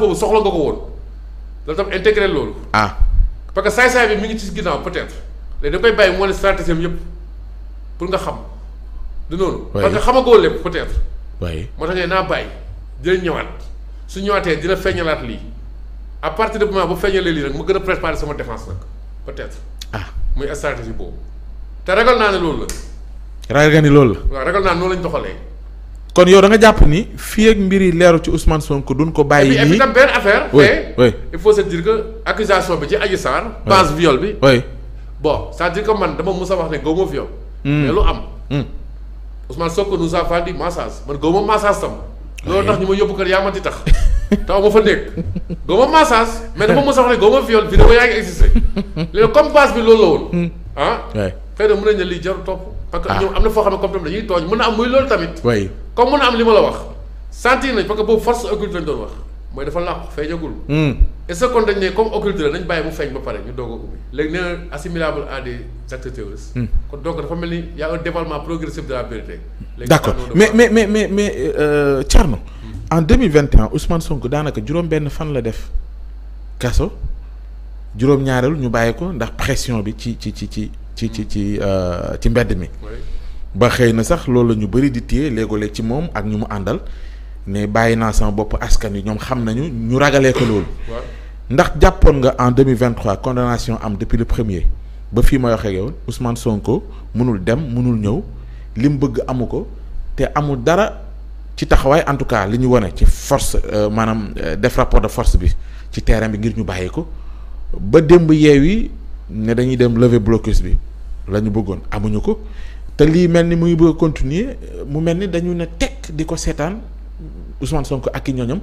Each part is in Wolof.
boobu soxla nga ko woon loolu tam intégré loolu. ah parce que saay-saay bi mi ngi ci ginnaaw peut-être léegi koy bàyyi moo ne stratégie am yëpp pour nga xam. du noonu. parce que xamagoo lépp peut-être. waaye moo tax ngay naa bàyyi dina ñëwaat su ñëwaatee dina feeñalaat lii à partir du moment bu feeñalee lii nag moo gën a préparer sama défense nag peut-être. ah muy stratégie boobu te ragal naa ne loolu la. ragal nga ni loolu la. waaw ragal naa ne noonu lañ doxalee. kon yow da jàpp ni fii ak mbir yi leeru ci Ousmane Sonko duñ ko bàyyi. nii et puis tam benn affaire. oui oui il faut se dire que accusation bi ci Adji Sarr. base viol bi. oui bon c'est-à-dire man dama mus a wax ne góob viol. Hmm. mais lu am. Hmm. Ousmane Sonko nous a vendu massage man góob ma massage tam. loolu tax ñu ma yóbbu kër yaa ma di tax. taw ma fa nekk góob massage mais dafa mus a wax ne góob viol vidéo yaa ngi existé léegi comme base bi loolu la woon. Hmm. ah. xëy na mën lii parce que ah. ñoom am na foo xam ne comme tam dañuy tooñ mën na am muy loolu li ma la wax. sentir nañ parce que boobu force occulte lañ doon wax mooy dafa làqu feeñagul. Hmm. kon dañ ne comme occulte nañ bàyyi mu feeñ ba pare ñu doog a ubbi. léegi nee na à des actes terroristes. Hmm. kon mel ni y' a un développement progressif de la mais mais mais mais euh, mais hmm. en deux mille vingt ans un Ousmane Sonko daanaka juróom-benn fan la def kaso juróom-ñaareelu ñu bàyyi ko ndax pression bi ci ci ci ci. ci ci euh, ci mbedd mi ba xëy na sax loolu la ñu bëri di téye léegoo-léeg ci moom ak ñu mu àndal ne bàyyi naa sama bopp askan wi ñoom xam nañu ñu ragalee ko loolu ndax jàppoon nga en 2023 condamnation am depuis le premier ba fii ma waxee yow Ousmane Sonko mënul dem mënul ñëw li mu bëgg amu ko te amul dara ci taxawaay en tout cas li ñu wane ci force euh, maanaam euh, def rapport de force bi ci terrain bi ngir ñu bàyyi ko ba démb yeew ne dañuy dem lever blocus bi la ñu bëggoon amuñu ko te lii mel ni muy bëgg continuer mu mel ni dañu ne tekk di ko seetaan Ousmane Sonko ak i ñoñam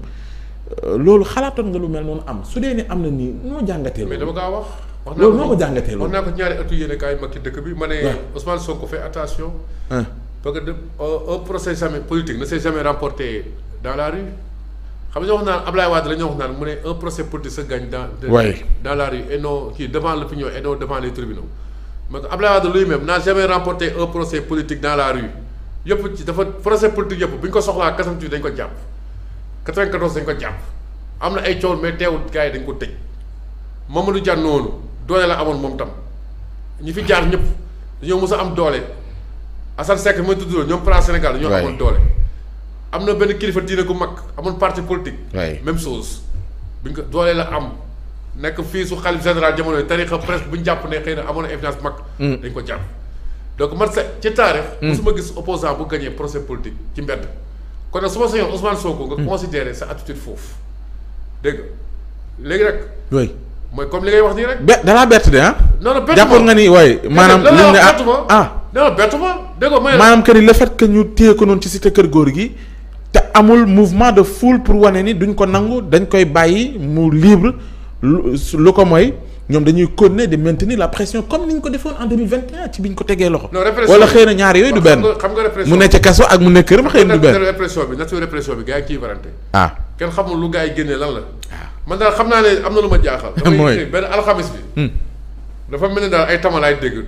euh, loolu xalaatoon nga lu mel noonu am su dee ne am na nii moo jàngatee. mais dama kaa wax. wax loolu noo ko jàngatee loolu. wax naa ko ñaari atu yéene kaay mag ci dëkk bi ma ne. Ousmane Sonko fait attention. parce que euh, un procès jamais politique ne s'est jamais remporté la xam nga wax naan Ablaye Wade la ñu wax naan mu ne un procès politique se gagne dans. oui dans la rue kii devant la rue yëpp ci ko soxlaa 88 ko jàpp 94 dañ ay coow mais teewul gars dañ ko tëj Mamadou Dia noonu doole la amoon moom tam ñi fi jaar ñëpp dañoo mës a am doole Assane Seck mooy tudd loolu ñoom Plan Sénégal dañoo amoon doole. am na benn kilifa diine gu mag amoon parti politique. même chose bi ko doolee la am nekk fii su xalif général jamono yi tarixa presque bu ñu jàpp ne xëy na amoon na influence mm. ko jàpp donc man sa ci taarix. musuma mm. gis opposant bu gagné procès ci mbedd. kon nag su ma sañoon Ousmane Sonko nga mm. considéré sa attitude foofu dégg nga léegi rek. oui mooy comme li ngay wax di rek. be danaa bett de ah. non non bett jàppoon nga ni waaye. maanaam li mu ne ah ah. maanaam que ni le fait que ñu téye ko noonu ci si cité kër góor gi. te amul mouvement de foule pour wane ni duñ ko nangu dañ koy bàyyi mu libre lu ko mooy ñoom dañuy continuer de maintenir la pression comme ni ñu ko defoon en 2021 ci bi ñu ko tegee loxo. wala xëy na ñaar yooyu du benn. xam nga répression mu ne ca kaso ak mu ne këram xëy na du benn. répression bi natu yi ciy barante. ah kenn xamul lu gars yi génnee lan la. Ah. man daal xam naa ne am na lu ma jaaxal. mooy dafay benn alxamis bi. Hmm. dafa mel ni daal ay tamalaay dégg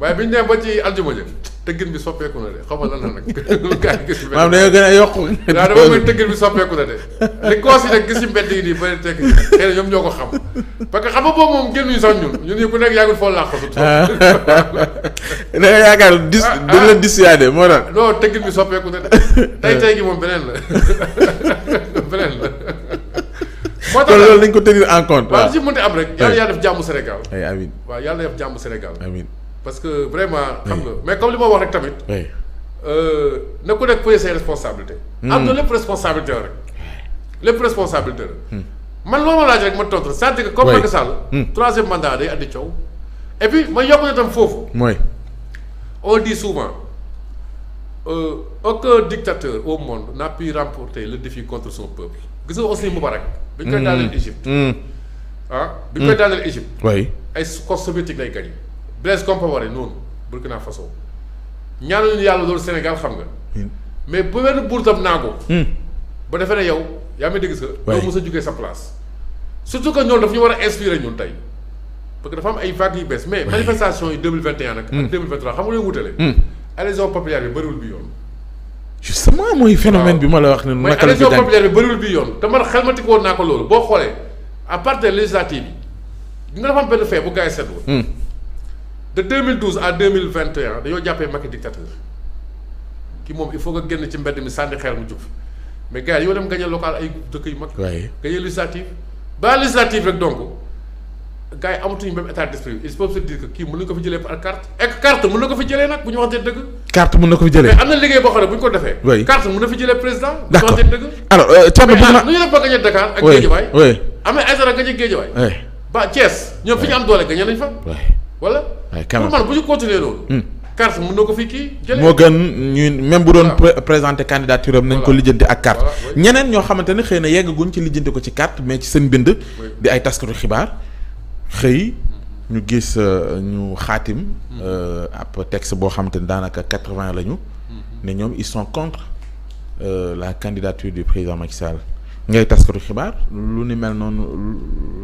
waaye bi ñu nee ba ci aljuma ja tëggin bi soppeeku na de xaw ma lan la nag. maanaam dañoo gën a yokk. waaw dafa mel tëggin bi soppeeku na de li koos yi nag gis mbedd yi nii ba tekk xëy parce que xam nga boobu moom génnuñu sax ñun ñun foo làqatu. Ah. da yaakaar dis ah, dañ ah. moo tax. non tëggin bi soppeeku na de tey tey gi moom beneen la beneen la. moo loolu nañ ko tenir en compte. waaw waaw li ci am rek. yàlla yàlla def jàmm Sénégal. ay yàlla def jàmm Sénégal. parce que vraiment. xam nga mais comme li moo wax rek tamit. Euh, na ku nekk payer ses responsabilités. Hmm. am na lépp responsabilité la rek. lépp responsabilité la. Hmm. man loo ma laaj rek ma tontu la c'est-à-dire que comme Macky Sall. Hmm. troisième mandat day addi coow. et puis ma yokk na tam foofu. mooy on di souvent euh, aucun dictateur au monde n'a pu remporter le défi contre son peuple gis nga aussi Moubarak. bi ñu koy daaneel Égypte. ah bi ñu koy daaneel Égypte. ay corps soviétique lay gagné. Blaise Compaoré noonu Burkina Faso ñaanu ñu yàlla loolu Sénégal xam nga. Hmm. mais bu benn tam naa ko. Hmm. ba defee ne yow yaa ngi dégg sa. waay doo sa a jugee sa place. surtout que ñoom daf ñu war a inspiré ñun tey parce que dafa am ay vagues yu bees mais manifestation yi deux nag. ak hmm. xam nga lu ñu wutale. adhésion populaire bi bëriwul bi yoon. justement mooy phénomène bi ma la wax ne. naka la bi bëriwul bi yoon te man xelmatiku woon naa ko loolu boo xoolee à part des législatives yi dina dafa am benn fait bu gars yi seetlu de 2012 à 2021 dañoo jàppee Macky dictateur ki moom il faut nga génn ci mbedd mi sànni xeer mu jub mais gars yi yoo dem gagné local ay dëkk yu mag. waaye gagné législative ba législative rek donc gars yi amatuñu même état d'esprit ils peuvent se dire que kii mën nañu ko fi jëlee par carte ek carte mën na ko fi jëlee nag bu ñu waxantee dëgg. carte mën na ko fi jëlee mais am na liggéey boo xam ne bu ñu ko defee. oui carte mën na fi jëlee président. d' accord bu ñu waxantee dëgg. alors euh, Thierno bëgg naa mais ah nu ñu def ba gagné Dakar. ak Guédiawaye oui oui. am na ay dara gagné Guédiawaye. ba Thiès ñoom quand même bu ñu continuer loolu. Hmm. carte ko fi kii jëlee moo gën ñuy même bu doon présenter candidature am nañ ko lijjanti ak carte ñeneen ñoo xamante ne xëy na yeggaguñ ci lijjanti ko ci carte mais ci seen bind di ay taskatu xibaar xëy ñu gis euh, ñu xaatim hmm. euh, ab texte boo xamante ne daanaka quatre-vingts lañu hmm. ne ñoom ils sont contre euh, la candidature du président Macky ngay taskatu xibaar lu ni mel noonu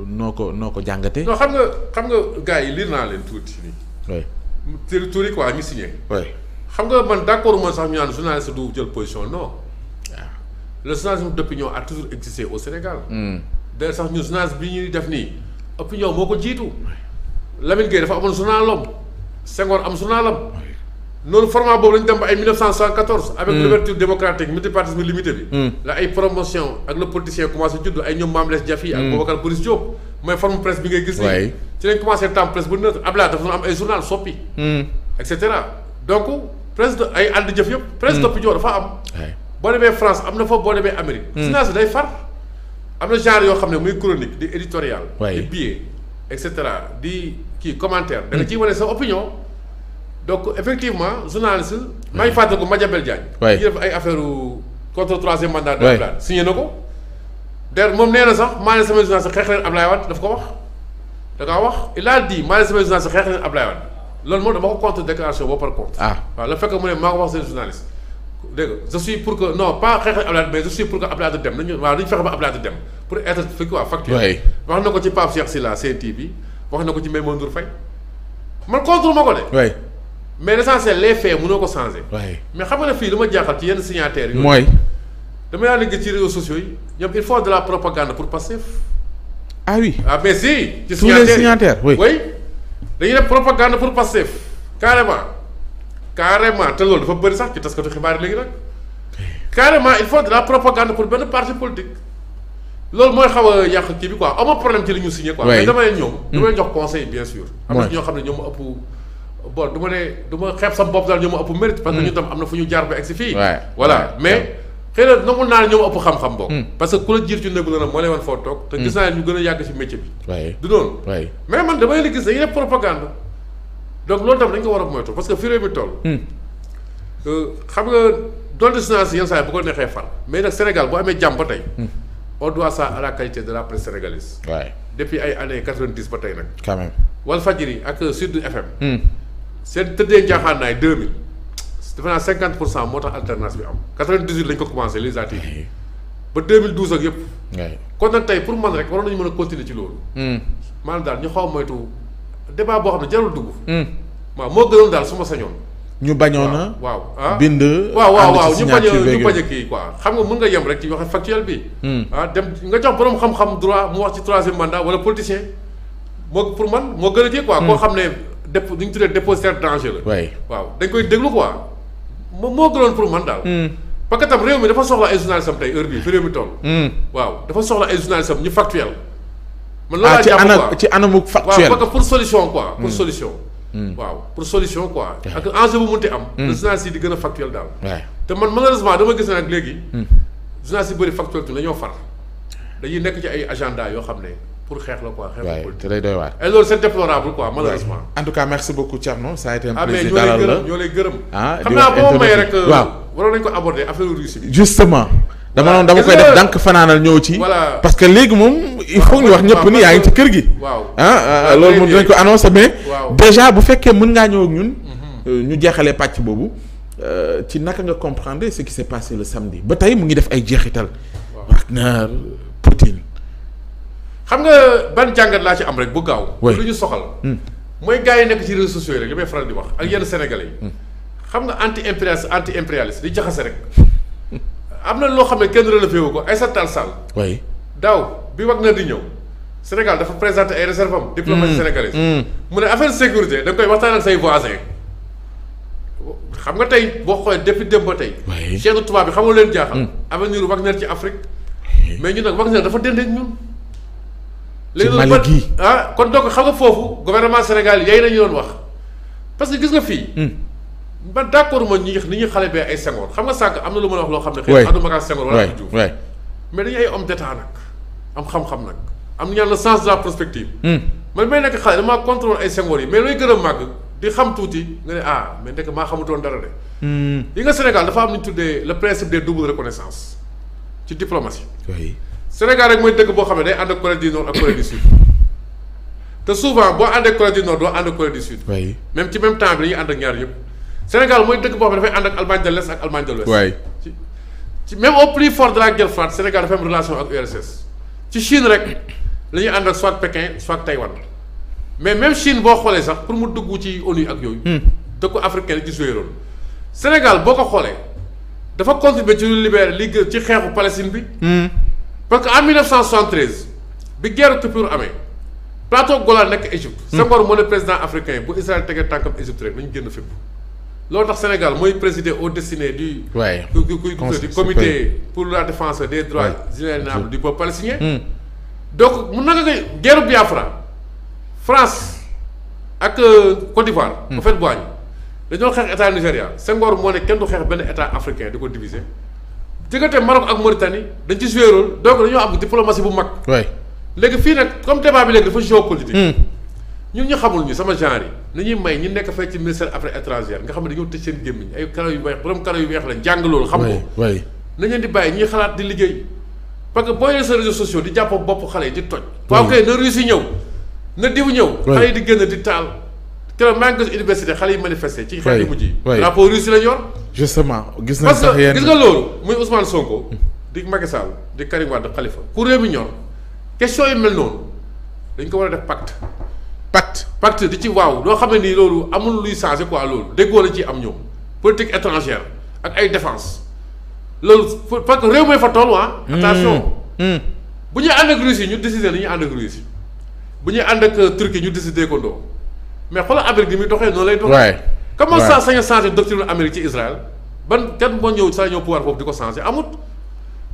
noo ko noo ko jàngatee. non xam nga xam nga gars yi lii naa leen tuuti nii. oui territoire yi quoi ñu signé. oui xam nga man d' accord man sax ñu naan journaliste du jël position non. waaw ah. le journalisme d' opinion a toujours existé au Sénégal. Hmm. d'ailleurs sax ñu bi ñuy def nii opinion moo ko jiitu. Lamine Gueye dafa amoon journal am Senghor am journal am. loolu format boobu la ñu dem ba ay 1974. avec mmh. l'ouverture démocratique multipartisme limité bi. Mmh. la ay promotion ak le politicien commencé judd ay ñoom Mame Less Diafy. ak hmm. Boubacar Boris Diop. mooy forme presse bi ngay gis. ci lañ commencé temps presse bu neutre Ablaye dafa doon am ay journal soppi. Hmm. et cetera donc ay ànd jëf yëpp. presse hmm. d'opinion dafa am. boo demee France am na fa boo demee Amérique. journaliste day far am na genre yoo xam ne muy chronique di éditorial. di billet et cetera di kii commentaire. da nga ciy wane sa opinion. donc effectivement journaliste. maa ngi fàttaliku Madiambal Diagne. waay def ay affaire contre troisième mandat. de Abdoulaye signé na ko. der moom nee sax maa ne sama journaliste xeex leen Abdoulaye Wade daf ko wax da kaa wax il a dit maa ne sama journaliste xeex leen Abdoulaye Wade loolu moom dama ko contre déclaration boobu par contre. ah la fekk mu ne maa ko wax seen journaliste. dégg nga je suis pour que non pas xeex Abdoulaye mais je suis pour que Abdoulaye dem nañu waaw dañu fexe ba Abdoulaye dem pour être fii quoi factuel. wax na ko ci Pape Cheikh Sylla CNT bi wax na ko ci Maimouna Ndour Faye man contre ma ko de. mais l'essentiel les faits mënoo ko changer. mais xam nga ne fii lu ma jaaxal ci yenn signataires yooyu. mooy. dama yaa dégg ci réseaux sociaux yi ñoom il faut de la propagande pour Pastef. ah oui ah mais si. ci signataires tous les signataires oui. oui dañuy def propagande pour Pastef carrément carrément te loolu dafa bëri sax ci taskatu xibaar yi léegi nag. carrément il faut de la propagande pour benn parti politique loolu mooy xaw a yàq kii bi quoi amoo problème ci li ñu signé quoi. Hmm. jox conseil ñoo xam ne ñoom ëpp. bon du ma ne du ma sa bopp daal ñoo ma ëpp mérite. parce que ñu hmm. tam am na fu ñu jaar ba mais xëy na nangu xam-xam boobu. Hmm. parce que ku la jiir ci ndëgg la nag moo lay wan foo toog. te gis hmm. naa ñu gën a yàgg si métier bi. du noonu. mais man damay la gis dañuy def propagande. donc loolu tam dañ ko war a moytu parce que fi réew mi toll. Euh, xam nga donte sinance yenn saa yi bu ko neexee far mais nag Sénégal boo amee jàmm ba tey. on doit ça la qualité de la presse sénégalaise. depuis ay années 90 ba tey nag. quand même Walfadjri ak Sud FM. seen tëddee njaaxaanaay deux mille defe cinquante pour cent moo tax alternance bi am quatre-vingt-dix-huit lañ ko commencé législative yi ba deux mille douze ak yëpp. kon nag tey pour man rek waroon nañu mën a continuer ci loolu. Hmm. maanaam daal ñu xaw mooy moytu débat boo xam ne jarul dugg. Hmm. waaw moo gënoon daal su ma sañoon. ñu bañoon a. waaw ah bind. waaw waaw waaw ñu bañ ñu bañ kii quoi xam nga mun nga yem rek ci waxe factuel bi. Hmm. ah dem nga jox borom xam-xam droit mu wax ci troisième mandat wala pour man moo gën a kii quoi. xam ne. dép li ñu tuddee dépositaire dangereux la. waaw dañ koy déglu quoi moo moo gënoon pour man daal. Hmm. parce que tam réew mi dafa soxla ay journalistes am tey heure bii fi réew mi toll. Hmm. waaw dafa soxla ay journalistes ñu factuel. man loolu ah, laa jàpp quoi ci anamu factuel waaw parce que pour solution quoi. pour hmm. solution. waaw pour solution quoi. ak enjeu bu mënti am. le journaliste yi di gën a factuel daal. te man malheureusement dama gis nag léegi. journaliste yi bëri factuel tu dañoo far dañuy nekk ci ay agenda yoo xam ne. pour xeex la quoi. xeex ah, la ah euh, ko aborder affaire Russie bi. justement. dama noonu dama koy def dank fanaanal ñëw ci. parce que léegi moom. il faut ñu wax ñëpp ni yaa ngi ci kër gi. waaw ah, ah, loolu moom dinañ ko annoncé mais. déjà bu fekkee mën ngaa ñëw ñun. Mhm. Euh, ñu jeexalee pàcc boobu. Euh, ci naka nga comprendre ce qui s'est passé le samedi ba tey mu ngi def ay jeexital. Wagner Poutine. xam nga ban jàngat laa ci am rek bu gaaw. lu ñu soxal. Hmm. mooy gars yi nekk ci réseaux sociaux yi rek li may faral di wax ak yenn sénégalais yi. Hmm. xam nga anti impérialiste anti impérialiste di jaxase rek. am na loo xam ne kenn relevé wu ko Aïssata Tall Sall. oui daaw bi wax na di ñëw. Sénégal dafa présenté ay réserve am. diplomatie hmm. sénégalaise. mu ne affaire sécurité da nga koy waxtaan ak say voisins. xam nga tey boo xoolee depuis démb ba tey. waaye tubaab bi xamul leen jaaxal. avenir Wagner ci Afrique. mais ñun nag Wagner dafa dend ñun. ci Mali gii ah kon donc xam nga foofu gouvernement Sénégal yay nañu doon wax parce que gis nga fii. Hmm. man d' accord ma ñi ni ñuy xale bee ay Senghor xam nga sànq am na lu ma wax loo xam ne. xëy na àdduma kaa Senghor wala Abdou Diouf mais dañu ay homme d' am xam-xam nag am ñaan la la prospective. Hmm. man may nekk xale damaa contrôle ay Senghor yi mais looy gën a màgg di xam tuuti nga ne ah mais ndekk maa xamutoon dara de. Hmm. yi nga Sénégal dafa am lu ñu tuddee le principe des double reconnaissance ci diplomatie. Sénégal rek mooy dëkk boo xam ne day ànd ak Corée du Nord ak Corée du Sud te souvent boo àndee Corée du Nord doo ànd ak Corée du Sud. oui même ci même temps bi dañuy ànd ak ñaar yëpp Sénégal mooy dëkk boo xam ne dafay ànd ak Allemagne de l'Est ak Allemagne de l'Ouest. waay ci même au plus fort de la guerre Sénégal dafa am relation ak URSS ci Chine rek la ñuy ànd ak soit Pékin soit Taïwan mais même Chine boo xoolee sax pour mu duggu ci ONU ak yooyu. Hmm. dëkku africain ci joué rôle Sénégal boo ko xoolee dafa contribuer ci lu libéré ci xeexu Palestine bi. Hmm. parce que en 1973 bi guerre Kippour amee plateau Golan nekk Égypte. Hmm. Senghor moo ne président africain bu Israël tegee tànkam Égypte rek nañu génn fépp. loolu tax Sénégal mooy présider au destiné du. waay du comité pour la défense des droits inaliénables du peuple palestinien. Hmm. donc mun na nga koy guerre Biafra France ak euh, Côte d'Ivoire. bu fekk bu wàññi dañoo xeex état Nigéria Senghor moo ne kenn du xeex benn état africain di ko diviser. diggante Maroc ak Mauritanie dañ ci joué rôle donc dañoo am diplomatie bu mag. waay fii nag comme débat bi léegi dafa géopolitique. Hmm. ñun ñu xamul ñu sama genre yi nañuy may ñu nekk fay ci ministère affaires étrangères nga xam ne dañoo tëj seen gémmiñ ay karaw yu weex borom karaw yu weex lañ jàng loolu. xam ko waay nañ di bàyyi ñuy xalaat di liggéey. parce que boo sociaux di jàpp bopp xale yi di toj. waaw kay na Russie ñëw na diw ñëw. xale yi di génn di taal. keroog maa ngi gis université xale yi manifester. ci xeetu mujj yi. rapport Russie lañ yor. justement gis nañ sax yenn parce que gis nga loolu muy Ousmane Sonko. di Macky di Karim Wade Khalifa ku réew mi ñor question yu mel noonu dañ ko war a def pacte. pacte pacte di ci waaw loo xam ne nii loolu amul luy changé quoi loolu déggoo la ci am ñoom politique étrangère ak ay défense loolu parce que réew mooy fa toll waa ah. hmm. attention. Hmm. bu ñuy ànd ak Russie ñu décider li ñuy ànd ak Russie bu ñuy àn ak euh, ñu décider ko ndoo mais xoolal Amérique bi muy doxee noonu lay doxee. waay comment ça sañ a changé doctrine Amérique ci Israël ban kenn moo ñëw saa ñëw pouvoir foofu di ko changé amut.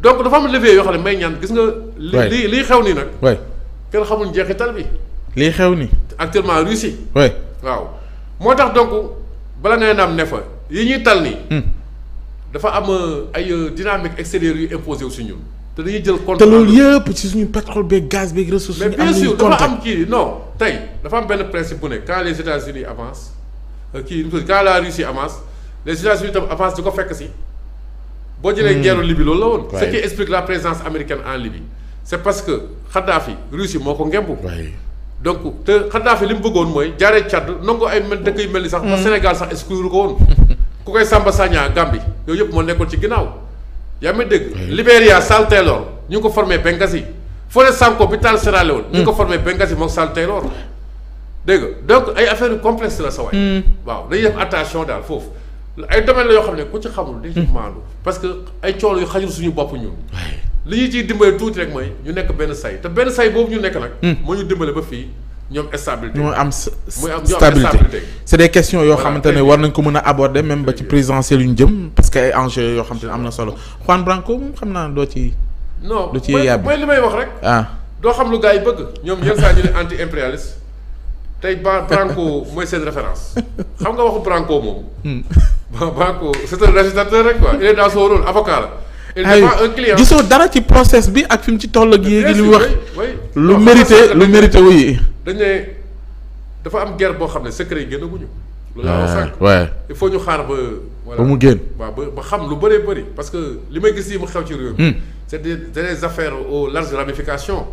donc dafa am levier yoo xam ne may ñaan gis nga. waay li li xew nii nag. waay kenn xamul njeexital bi. lii xew nii. actuellement Russie. waay waaw moo tax donc bala ngay am ne fa yi ñuy tal nii. Hmm. dafa am euh, ay euh, dynamique extérieure yu imposé wu si ñun. te dañuy jël compte loolu yëpp ci suñu pétrole beeg gaz beeg ressources yi. am mais bien sûr dafa am kii no tey dafa am benn principe bu ne quand les États-Unis avancent euh, kii quand la Russie avance les États-Unis tam avance di ko fekk si. boo jëlee hmm. guerre Libye loolu la woon. ce qui explique la présence américaine en Libye. c'est parce que Kadhafi Russie moo ko ngemb. donc te Kadhafi li mu bëggoon mooy jaaree Tchad nangu ay mel dëkk yu mel ni sax. ba hmm. Sénégal sax exclure ko woon. ku koy Samba Sagna Gambie yooyu yëpp moo nekkoon ci ginnaaw. yaa ngi dégg. Libéria Sal Taylor ñu ko formé Benghazi Fodé Sanko bi taal Sierra ñu ko hmm. formé Benghazi moom Sal Taylor. dégg nga donc ay affaire yu complexe la sa waay. Hmm. waaw dañuy def attention daal foofu. ay domaine la yoo xam ne ku ci xamul. dañ ci hmm. maandu parce que ay coono yu xajul suñu bopp ñun. li ñu ciy dimbale tuuti rek mooy ñu nekk benn say te benn say boobu ñu nekk nag. moo ñu dimbale ba fii. ñoom stabilité ñoo am stabilité c'est des questions yoo xamante ne war nañ ko mën a aborder même ba ci présidentielle yu ñu parce que ay enjeux yoo xamante ne am na solo Juan Branco moom xam naa doo ci non lu ci yàbb mooy may wax rek ah doo xam lu gaa yi bëgg ñoom yenn saa ñu ne anti impérialiste tey ba Branco mooy seen référence xam nga waxu Branco moom hmm. Branco c'est un législateur rek quoi il est dans gisoo dara ci process bi ak fi mu ci toll ak yéegi li wax lu mérité lu mérité wuyi dañ ne dafa am guerre boo xam ne secret yi génnaguñu. lu la wax sànq il faut ñu xaar ba. ba mu génn waaw ba xam lu bëree bëri parce que li may gis yi mu xew ci réew hmm. des des affaires aux larges ramifications.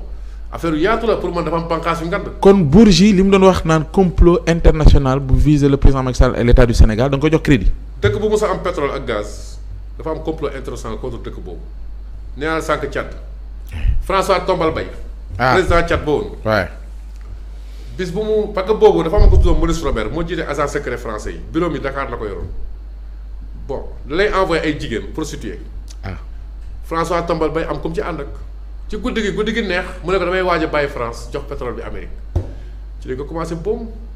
affaire yu la pour man dafa am bànqaas yu ngand. kon Bourgi li mu doon wax naan complot international bu viser le président Macky Sall et l'État du Sénégal da nga ko jox crédit. dëkk bu a am ak gaz dafa am complot international contre dëkk boobu nee naa la sànq Tchad bis bu mu parce que boobu dafa am ko tuddoo Maurice Robert moo jiite agent secret français yi bureau mi Dakar la ko yoroon bon da lay envoyé ay jigéen prostituée ah François tambal bay am comme ci ànd ak ci guddi gi guddi gi neex mu ne ko damay waaj a bàyyi France jox pétrole bi Amérique ci lañ ko commencé boom